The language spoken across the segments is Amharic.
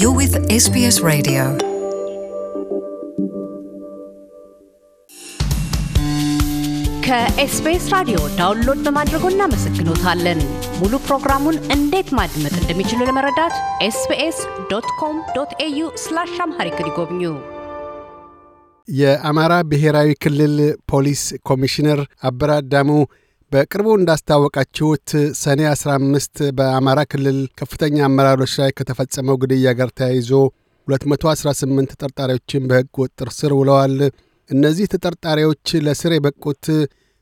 You're with SBS Radio. ከኤስቢኤስ ራዲዮ ዳውንሎድ በማድረጎ እናመሰግኖታለን። ሙሉ ፕሮግራሙን እንዴት ማድመጥ እንደሚችሉ ለመረዳት ኤስቢኤስ ዶት ኮም ዶት ኤዩ ስላሽ አምሃሪክ ይጎብኙ። የአማራ ብሔራዊ ክልል ፖሊስ ኮሚሽነር አበራ በቅርቡ እንዳስታወቃችሁት ሰኔ 15 በአማራ ክልል ከፍተኛ አመራሮች ላይ ከተፈጸመው ግድያ ጋር ተያይዞ 218 ተጠርጣሪዎችን በሕግ ቁጥጥር ስር ውለዋል። እነዚህ ተጠርጣሪዎች ለስር የበቁት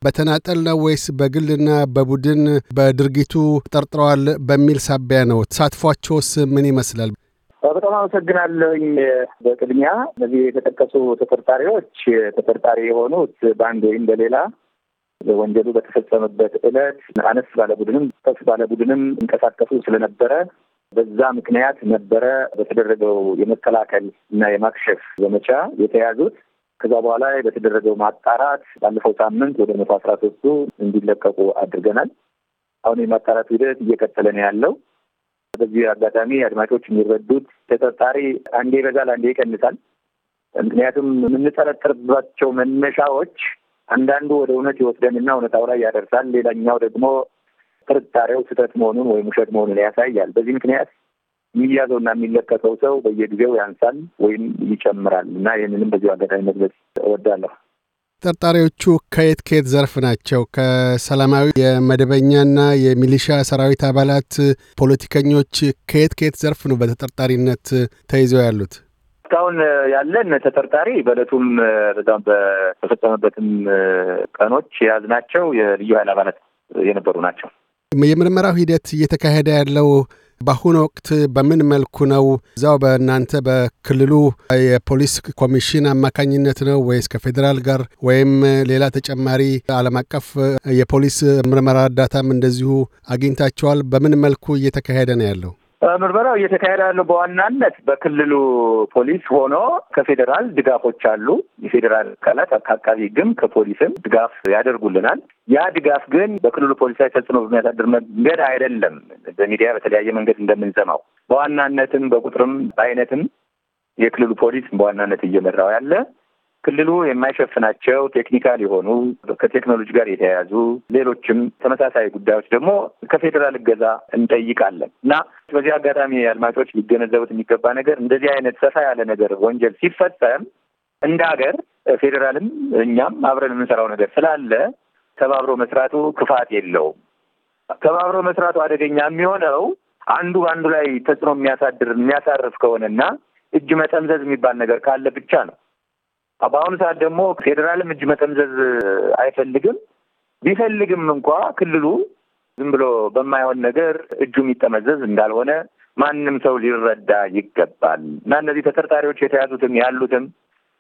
በተናጠል ነው ወይስ በግልና በቡድን በድርጊቱ ተጠርጥረዋል በሚል ሳቢያ ነው? ተሳትፏቸውስ ምን ይመስላል? በጣም አመሰግናለሁኝ። በቅድሚያ እነዚህ የተጠቀሱ ተጠርጣሪዎች ተጠርጣሪ የሆኑት በአንድ ወይም በሌላ ወንጀሉ በተፈጸመበት ዕለት አነስ ባለ ቡድንም ከፍ ባለ ቡድንም እንቀሳቀሱ ስለነበረ በዛ ምክንያት ነበረ በተደረገው የመከላከል እና የማክሸፍ ዘመቻ የተያዙት። ከዛ በኋላ በተደረገው ማጣራት ባለፈው ሳምንት ወደ መቶ አስራ ሶስቱ እንዲለቀቁ አድርገናል። አሁን የማጣራት ሂደት እየቀጠለ ነው ያለው። በዚህ አጋጣሚ አድማጮች የሚረዱት ተጠርጣሪ አንዴ ይበዛል፣ አንዴ ይቀንሳል። ምክንያቱም የምንጠረጥርባቸው መነሻዎች አንዳንዱ ወደ እውነት ይወስደንና እውነታው ላይ ያደርሳል። ሌላኛው ደግሞ ጥርጣሬው ስህተት መሆኑን ወይም ውሸት መሆኑን ያሳያል። በዚህ ምክንያት የሚያዘው ና የሚለቀቀው ሰው በየጊዜው ያንሳል ወይም ይጨምራል እና ይህንንም በዚሁ አጋጣሚ መግለጽ እወዳለሁ። ጠርጣሪዎቹ ከየት ከየት ዘርፍ ናቸው? ከሰላማዊ የመደበኛና የሚሊሻ ሰራዊት አባላት፣ ፖለቲከኞች፣ ከየት ከየት ዘርፍ ነው በተጠርጣሪነት ተይዘው ያሉት? እስካሁን ያለን ተጠርጣሪ በእለቱም በዛም በተፈጸመበትም ቀኖች የያዝናቸው የልዩ ኃይል አባላት የነበሩ ናቸው። የምርመራው ሂደት እየተካሄደ ያለው በአሁኑ ወቅት በምን መልኩ ነው? እዛው በእናንተ በክልሉ የፖሊስ ኮሚሽን አማካኝነት ነው ወይስ ከፌዴራል ጋር ወይም ሌላ ተጨማሪ ዓለም አቀፍ የፖሊስ ምርመራ እርዳታም እንደዚሁ አግኝታቸዋል በምን መልኩ እየተካሄደ ነው ያለው? ምርመራው እየተካሄደ ያለው በዋናነት በክልሉ ፖሊስ ሆኖ ከፌዴራል ድጋፎች አሉ። የፌዴራል አካላት ከአቃቢ ሕግም ከፖሊስም ድጋፍ ያደርጉልናል። ያ ድጋፍ ግን በክልሉ ፖሊስ ላይ ተጽዕኖ በሚያሳድር መንገድ አይደለም። በሚዲያ በተለያየ መንገድ እንደምንሰማው በዋናነትም በቁጥርም በአይነትም የክልሉ ፖሊስ በዋናነት እየመራው ያለ ክልሉ የማይሸፍናቸው ቴክኒካል የሆኑ ከቴክኖሎጂ ጋር የተያያዙ ሌሎችም ተመሳሳይ ጉዳዮች ደግሞ ከፌዴራል እገዛ እንጠይቃለን እና በዚህ አጋጣሚ አድማጮች ሊገነዘቡት የሚገባ ነገር እንደዚህ አይነት ሰፋ ያለ ነገር ወንጀል ሲፈጸም እንደ ሀገር ፌዴራልም እኛም አብረን የምንሰራው ነገር ስላለ ተባብሮ መስራቱ ክፋት የለውም። ተባብሮ መስራቱ አደገኛ የሚሆነው አንዱ በአንዱ ላይ ተጽዕኖ የሚያሳድር የሚያሳርፍ ከሆነና እጅ መጠምዘዝ የሚባል ነገር ካለ ብቻ ነው። በአሁኑ ሰዓት ደግሞ ፌዴራልም እጅ መጠምዘዝ አይፈልግም። ቢፈልግም እንኳ ክልሉ ዝም ብሎ በማይሆን ነገር እጁ የሚጠመዘዝ እንዳልሆነ ማንም ሰው ሊረዳ ይገባል እና እነዚህ ተጠርጣሪዎች የተያዙትም ያሉትም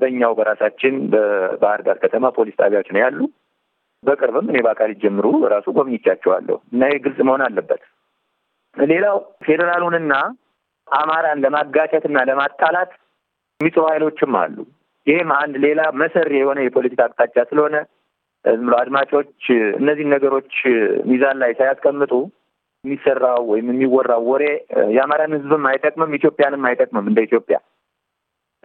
በእኛው በራሳችን በባህር ዳር ከተማ ፖሊስ ጣቢያዎች ነው ያሉ። በቅርብም እኔ በአካል ጀምሩ ራሱ ጎብኝቻቸዋለሁ እና ይህ ግልጽ መሆን አለበት። ሌላው ፌዴራሉንና አማራን ለማጋጨትና ለማጣላት የሚጽሩ ኃይሎችም አሉ። ይህም አንድ ሌላ መሰሪ የሆነ የፖለቲካ አቅጣጫ ስለሆነ ዝም ብሎ አድማጮች እነዚህን ነገሮች ሚዛን ላይ ሳያስቀምጡ የሚሰራው ወይም የሚወራው ወሬ የአማራን ህዝብም አይጠቅምም ኢትዮጵያንም አይጠቅምም። እንደ ኢትዮጵያ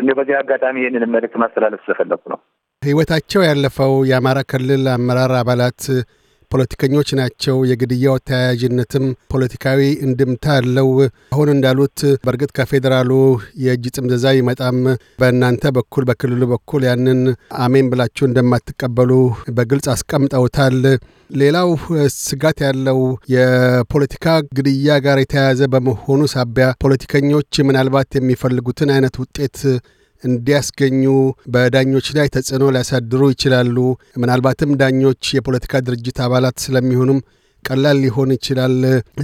እንደ በዚህ አጋጣሚ ይህንን መልእክት ማስተላለፍ ስለፈለኩ ነው። ህይወታቸው ያለፈው የአማራ ክልል አመራር አባላት ፖለቲከኞች ናቸው። የግድያው ተያያዥነትም ፖለቲካዊ እንድምታ አለው። አሁን እንዳሉት በእርግጥ ከፌዴራሉ የእጅ ጥምዘዛ ይመጣም፣ በእናንተ በኩል በክልሉ በኩል ያንን አሜን ብላችሁ እንደማትቀበሉ በግልጽ አስቀምጠውታል። ሌላው ስጋት ያለው የፖለቲካ ግድያ ጋር የተያያዘ በመሆኑ ሳቢያ ፖለቲከኞች ምናልባት የሚፈልጉትን አይነት ውጤት እንዲያስገኙ በዳኞች ላይ ተጽዕኖ ሊያሳድሩ ይችላሉ። ምናልባትም ዳኞች የፖለቲካ ድርጅት አባላት ስለሚሆኑም ቀላል ሊሆን ይችላል።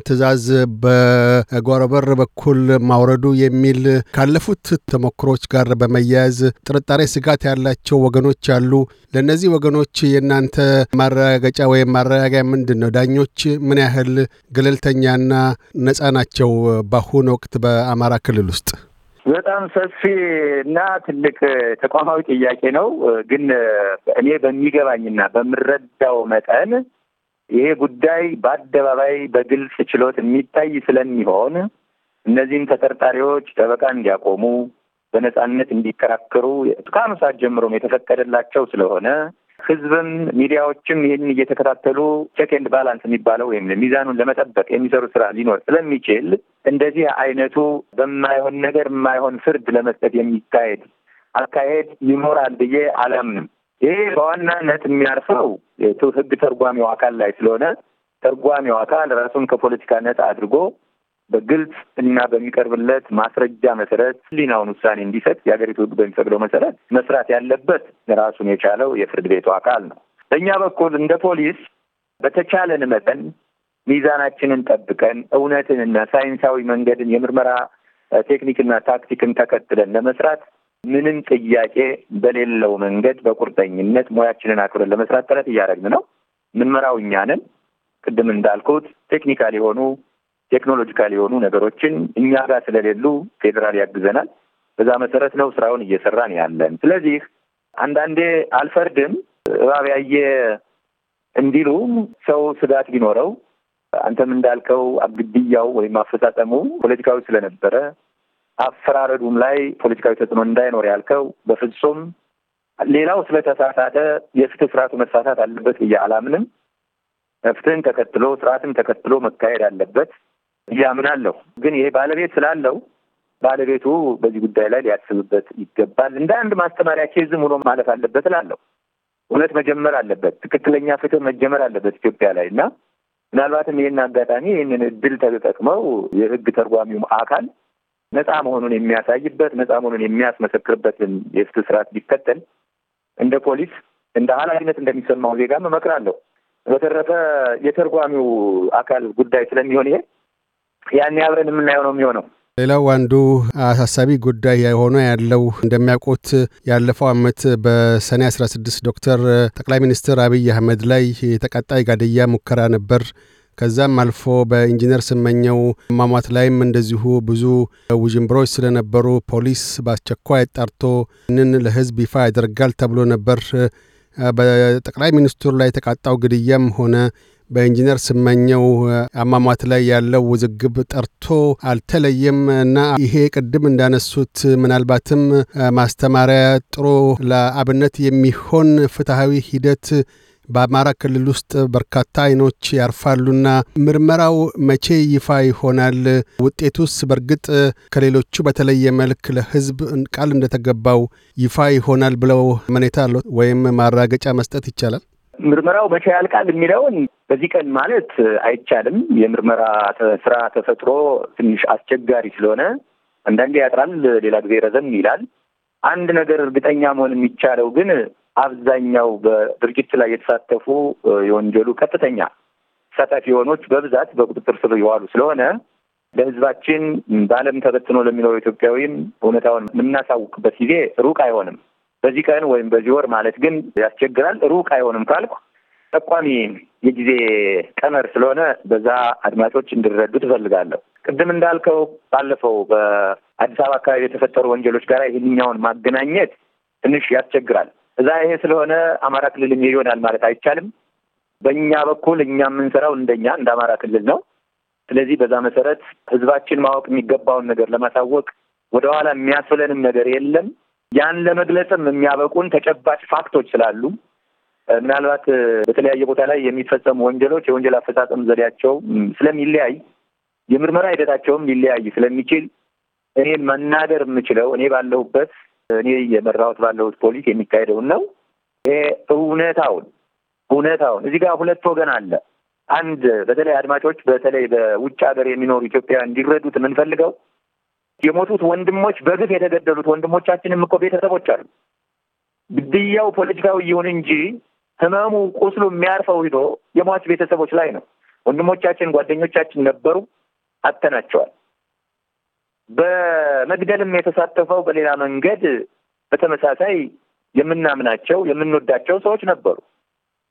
ትዕዛዝ በጓሮ በር በኩል ማውረዱ የሚል ካለፉት ተሞክሮች ጋር በመያያዝ ጥርጣሬ፣ ስጋት ያላቸው ወገኖች አሉ። ለእነዚህ ወገኖች የእናንተ ማረጋገጫ ወይም ማረጋጋያ ምንድን ነው? ዳኞች ምን ያህል ገለልተኛና ነፃ ናቸው በአሁኑ ወቅት በአማራ ክልል ውስጥ? በጣም ሰፊ እና ትልቅ ተቋማዊ ጥያቄ ነው። ግን እኔ በሚገባኝና በምረዳው መጠን ይሄ ጉዳይ በአደባባይ በግልጽ ችሎት የሚታይ ስለሚሆን እነዚህን ተጠርጣሪዎች ጠበቃ እንዲያቆሙ፣ በነጻነት እንዲከራከሩ ከአሁኑ ሰዓት ጀምሮ የተፈቀደላቸው ስለሆነ ህዝብም ሚዲያዎችም ይህን እየተከታተሉ ቼክ ኤንድ ባላንስ የሚባለው ወይም ሚዛኑን ለመጠበቅ የሚሰሩ ስራ ሊኖር ስለሚችል እንደዚህ አይነቱ በማይሆን ነገር የማይሆን ፍርድ ለመስጠት የሚካሄድ አካሄድ ይኖራል ብዬ አላምንም። ይሄ በዋናነት የሚያርፈው ህግ ተርጓሚው አካል ላይ ስለሆነ ተርጓሚው አካል ራሱን ከፖለቲካ ነጻ አድርጎ በግልጽ እና በሚቀርብለት ማስረጃ መሰረት ሕሊናውን ውሳኔ እንዲሰጥ የሀገሪቱ ህግ በሚፈቅደው መሰረት መስራት ያለበት ራሱን የቻለው የፍርድ ቤቱ አካል ነው። በእኛ በኩል እንደ ፖሊስ በተቻለን መጠን ሚዛናችንን ጠብቀን እውነትንና ሳይንሳዊ መንገድን የምርመራ ቴክኒክና ታክቲክን ተከትለን ለመስራት ምንም ጥያቄ በሌለው መንገድ በቁርጠኝነት ሙያችንን አክብረን ለመስራት ጥረት እያደረግን ነው። ምርመራው እኛንን ቅድም እንዳልኩት ቴክኒካል የሆኑ ቴክኖሎጂካል የሆኑ ነገሮችን እኛ ጋር ስለሌሉ ፌዴራል ያግዘናል። በዛ መሰረት ነው ስራውን እየሰራን ያለን። ስለዚህ አንዳንዴ አልፈርድም እባብ ያየ እንዲሉ ሰው ስጋት ቢኖረው አንተም እንዳልከው ግድያው ወይም አፈጻጸሙ ፖለቲካዊ ስለነበረ አፈራረዱም ላይ ፖለቲካዊ ተጽዕኖ እንዳይኖር ያልከው በፍጹም ሌላው ስለተሳሳተ የፍትህ ስርዓቱ መሳሳት አለበት ብዬ አላምንም። ፍትህን ተከትሎ ስርዓትን ተከትሎ መካሄድ አለበት። እያምናለሁ። ግን ይሄ ባለቤት ስላለው ባለቤቱ በዚህ ጉዳይ ላይ ሊያስብበት ይገባል። እንደ አንድ ማስተማሪያ ኬዝም ሆኖ ማለፍ አለበት እላለሁ። እውነት መጀመር አለበት። ትክክለኛ ፍትህ መጀመር አለበት ኢትዮጵያ ላይ እና ምናልባትም ይህን አጋጣሚ ይህንን እድል ተጠቅመው የህግ ተርጓሚው አካል ነፃ መሆኑን የሚያሳይበት ነፃ መሆኑን የሚያስመሰክርበትን የፍትህ ስርዓት ቢከተል እንደ ፖሊስ እንደ ኃላፊነት እንደሚሰማው ዜጋም እመክራለሁ። በተረፈ የተርጓሚው አካል ጉዳይ ስለሚሆን ይሄ ያን አብረን የምናየው ነው የሚሆነው። ሌላው አንዱ አሳሳቢ ጉዳይ የሆነ ያለው እንደሚያውቁት ያለፈው ዓመት በሰኔ 16 ዶክተር ጠቅላይ ሚኒስትር አብይ አህመድ ላይ የተቃጣይ ጋደያ ሙከራ ነበር። ከዛም አልፎ በኢንጂነር ስመኘው ማሟት ላይም እንደዚሁ ብዙ ውዥንብሮች ስለነበሩ ፖሊስ በአስቸኳይ ጠርቶ ይህንን ለሕዝብ ይፋ ያደርጋል ተብሎ ነበር። በጠቅላይ ሚኒስትሩ ላይ የተቃጣው ግድያም ሆነ በኢንጂነር ስመኘው አሟሟት ላይ ያለው ውዝግብ ጠርቶ አልተለየም እና ይሄ ቅድም እንዳነሱት ምናልባትም ማስተማሪያ ጥሩ ለአብነት የሚሆን ፍትሐዊ ሂደት በአማራ ክልል ውስጥ በርካታ አይኖች ያርፋሉና ምርመራው መቼ ይፋ ይሆናል? ውጤቱስ በእርግጥ ከሌሎቹ በተለየ መልክ ለሕዝብ ቃል እንደተገባው ይፋ ይሆናል ብለው መኔታ አለው ወይም ማራገጫ መስጠት ይቻላል? ምርመራው መቼ ያልቃል የሚለውን በዚህ ቀን ማለት አይቻልም። የምርመራ ስራ ተፈጥሮ ትንሽ አስቸጋሪ ስለሆነ አንዳንዴ ያጥራል፣ ሌላ ጊዜ ረዘም ይላል። አንድ ነገር እርግጠኛ መሆን የሚቻለው ግን አብዛኛው በድርጊት ላይ የተሳተፉ የወንጀሉ ቀጥተኛ ተሳታፊ የሆኖች በብዛት በቁጥጥር ስር የዋሉ ስለሆነ ለሕዝባችን በዓለም ተበትኖ ለሚኖሩ ኢትዮጵያዊም እውነታውን የምናሳውቅበት ጊዜ ሩቅ አይሆንም። በዚህ ቀን ወይም በዚህ ወር ማለት ግን ያስቸግራል። ሩቅ አይሆንም ካልኩ ጠቋሚ የጊዜ ቀመር ስለሆነ በዛ አድማጮች እንዲረዱ ትፈልጋለሁ። ቅድም እንዳልከው ባለፈው በአዲስ አበባ አካባቢ የተፈጠሩ ወንጀሎች ጋር ይህንኛውን ማገናኘት ትንሽ ያስቸግራል። እዛ ይሄ ስለሆነ አማራ ክልል ይሆናል ማለት አይቻልም። በእኛ በኩል እኛ የምንሰራው እንደኛ እንደ አማራ ክልል ነው። ስለዚህ በዛ መሰረት ህዝባችን ማወቅ የሚገባውን ነገር ለማሳወቅ ወደኋላ የሚያስብለንም ነገር የለም። ያን ለመግለጽም የሚያበቁን ተጨባጭ ፋክቶች ስላሉ ምናልባት በተለያየ ቦታ ላይ የሚፈጸሙ ወንጀሎች የወንጀል አፈጻጸም ዘዴያቸው ስለሚለያይ የምርመራ ሂደታቸውም ሊለያይ ስለሚችል እኔ መናገር የምችለው እኔ ባለሁበት እኔ የመራሁት ባለሁት ፖሊስ የሚካሄደውን ነው። ይሄ እውነታውን እውነታውን እዚህ ጋር ሁለት ወገን አለ። አንድ በተለይ አድማጮች በተለይ በውጭ ሀገር የሚኖሩ ኢትዮጵያውያን እንዲረዱት የምንፈልገው የሞቱት ወንድሞች በግፍ የተገደሉት ወንድሞቻችንም እኮ ቤተሰቦች አሉ። ግድያው ፖለቲካዊ ይሁን እንጂ ህመሙ፣ ቁስሉ የሚያርፈው ሂዶ የሟች ቤተሰቦች ላይ ነው። ወንድሞቻችን፣ ጓደኞቻችን ነበሩ፣ አተናቸዋል። በመግደልም የተሳተፈው በሌላ መንገድ በተመሳሳይ የምናምናቸው የምንወዳቸው ሰዎች ነበሩ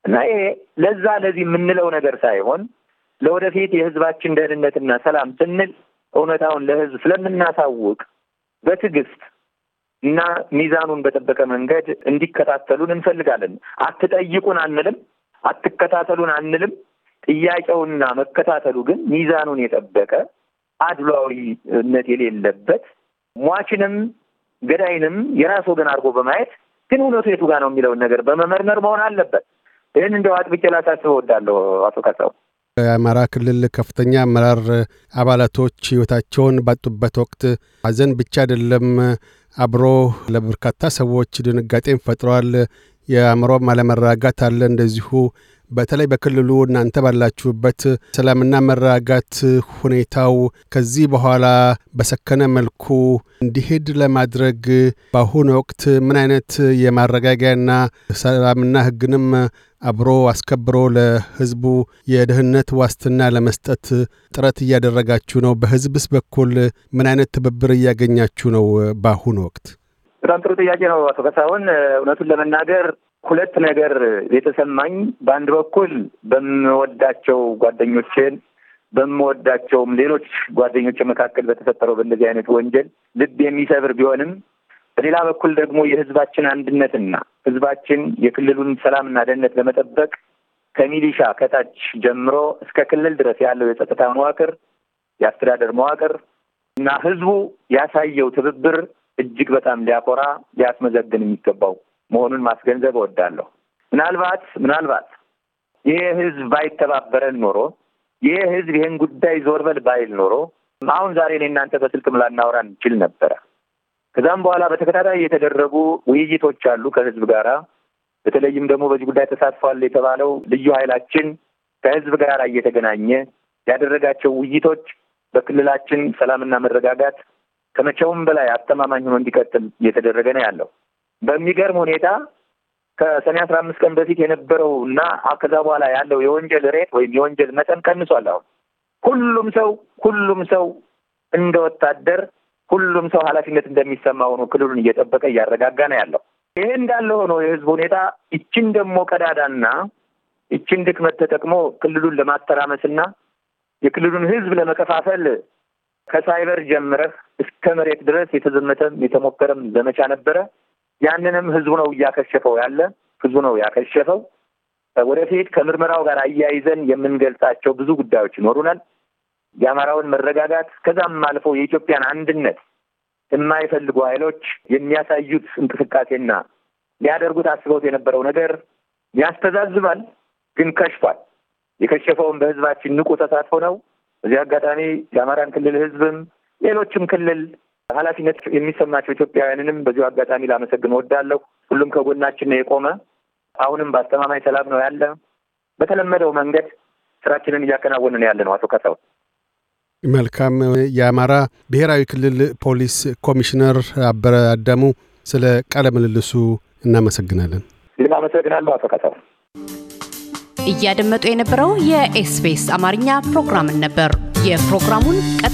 እና ይሄ ለዛ ለዚህ የምንለው ነገር ሳይሆን ለወደፊት የህዝባችን ደህንነትና ሰላም ስንል እውነታውን ለህዝብ ስለምናሳውቅ በትዕግስት እና ሚዛኑን በጠበቀ መንገድ እንዲከታተሉን እንፈልጋለን። አትጠይቁን አንልም፣ አትከታተሉን አንልም። ጥያቄውና መከታተሉ ግን ሚዛኑን የጠበቀ አድሏዊነት የሌለበት ሟችንም ገዳይንም የራስ ወገን አድርጎ በማየት ግን እውነቱ የቱ ጋር ነው የሚለውን ነገር በመመርመር መሆን አለበት። ይህን እንደው አጥብቄ ላሳስብ እወዳለሁ አቶ ካሳሁን። የአማራ ክልል ከፍተኛ አመራር አባላቶች ህይወታቸውን ባጡበት ወቅት ሐዘን ብቻ አይደለም፣ አብሮ ለበርካታ ሰዎች ድንጋጤን ፈጥሯል። የአእምሮ አለመረጋጋት አለ። እንደዚሁ በተለይ በክልሉ እናንተ ባላችሁበት ሰላምና መረጋጋት ሁኔታው ከዚህ በኋላ በሰከነ መልኩ እንዲሄድ ለማድረግ በአሁኑ ወቅት ምን አይነት የማረጋጊያና ሰላምና ህግንም አብሮ አስከብሮ ለህዝቡ የደህንነት ዋስትና ለመስጠት ጥረት እያደረጋችሁ ነው? በህዝብስ በኩል ምን አይነት ትብብር እያገኛችሁ ነው በአሁኑ ወቅት? በጣም ጥሩ ጥያቄ ነው አቶ ከሳሁን። እውነቱን ለመናገር ሁለት ነገር የተሰማኝ በአንድ በኩል በምወዳቸው ጓደኞቼን በምወዳቸውም ሌሎች ጓደኞች መካከል በተፈጠረው በእንደዚህ አይነት ወንጀል ልብ የሚሰብር ቢሆንም በሌላ በኩል ደግሞ የህዝባችን አንድነትና ህዝባችን የክልሉን ሰላምና ደህንነት ለመጠበቅ ከሚሊሻ ከታች ጀምሮ እስከ ክልል ድረስ ያለው የጸጥታ መዋቅር፣ የአስተዳደር መዋቅር እና ህዝቡ ያሳየው ትብብር እጅግ በጣም ሊያኮራ ሊያስመዘግን የሚገባው መሆኑን ማስገንዘብ እወዳለሁ። ምናልባት ምናልባት ይሄ ህዝብ ባይተባበረን ኖሮ ይሄ ህዝብ ይህን ጉዳይ ዞር በል ባይል ኖሮ አሁን ዛሬ እኔ እናንተ በስልክም ላናወራ እንችል ነበረ። ከዛም በኋላ በተከታታይ የተደረጉ ውይይቶች አሉ ከህዝብ ጋራ በተለይም ደግሞ በዚህ ጉዳይ ተሳትፏል የተባለው ልዩ ኃይላችን ከህዝብ ጋር እየተገናኘ ያደረጋቸው ውይይቶች በክልላችን ሰላምና መረጋጋት ከመቼውም በላይ አስተማማኝ ሆኖ እንዲቀጥል እየተደረገ ነው ያለው። በሚገርም ሁኔታ ከሰኔ አስራ አምስት ቀን በፊት የነበረው እና ከዛ በኋላ ያለው የወንጀል ሬት ወይም የወንጀል መጠን ቀንሷል። አሁን ሁሉም ሰው ሁሉም ሰው እንደ ወታደር ሁሉም ሰው ኃላፊነት እንደሚሰማው ነው ክልሉን እየጠበቀ እያረጋጋ ነው ያለው። ይህ እንዳለ ሆኖ የህዝብ ሁኔታ ይችን ደግሞ ቀዳዳና ይችን ድክመት ተጠቅሞ ክልሉን ለማተራመስና የክልሉን ህዝብ ለመከፋፈል ከሳይበር ጀምረህ እስከ መሬት ድረስ የተዘመተም የተሞከረም ዘመቻ ነበረ። ያንንም ህዝቡ ነው እያከሸፈው ያለ ህዝቡ ነው ያከሸፈው። ወደፊት ከምርመራው ጋር አያይዘን የምንገልጻቸው ብዙ ጉዳዮች ይኖሩናል። የአማራውን መረጋጋት ከዛም አልፎ የኢትዮጵያን አንድነት የማይፈልጉ ኃይሎች የሚያሳዩት እንቅስቃሴና ሊያደርጉት አስበውት የነበረው ነገር ያስተዛዝባል፣ ግን ከሽፏል። የከሸፈውን በህዝባችን ንቁ ተሳትፎ ነው። በዚህ አጋጣሚ የአማራን ክልል ህዝብም ሌሎችም ክልል ኃላፊነት የሚሰማቸው ኢትዮጵያውያንንም በዚሁ አጋጣሚ ላመሰግን ወዳለሁ። ሁሉም ከጎናችን ነው የቆመ። አሁንም በአስተማማኝ ሰላም ነው ያለ። በተለመደው መንገድ ስራችንን እያከናወንን ያለ ነው። አቶ ካሳሁን መልካም። የአማራ ብሔራዊ ክልል ፖሊስ ኮሚሽነር አበረ አዳሙ ስለ ቃለ ምልልሱ እናመሰግናለን። እናመሰግናለሁ አቶ ካሳሁን። እያደመጡ የነበረው የኤስቢኤስ አማርኛ ፕሮግራምን ነበር። የፕሮግራሙን ቀ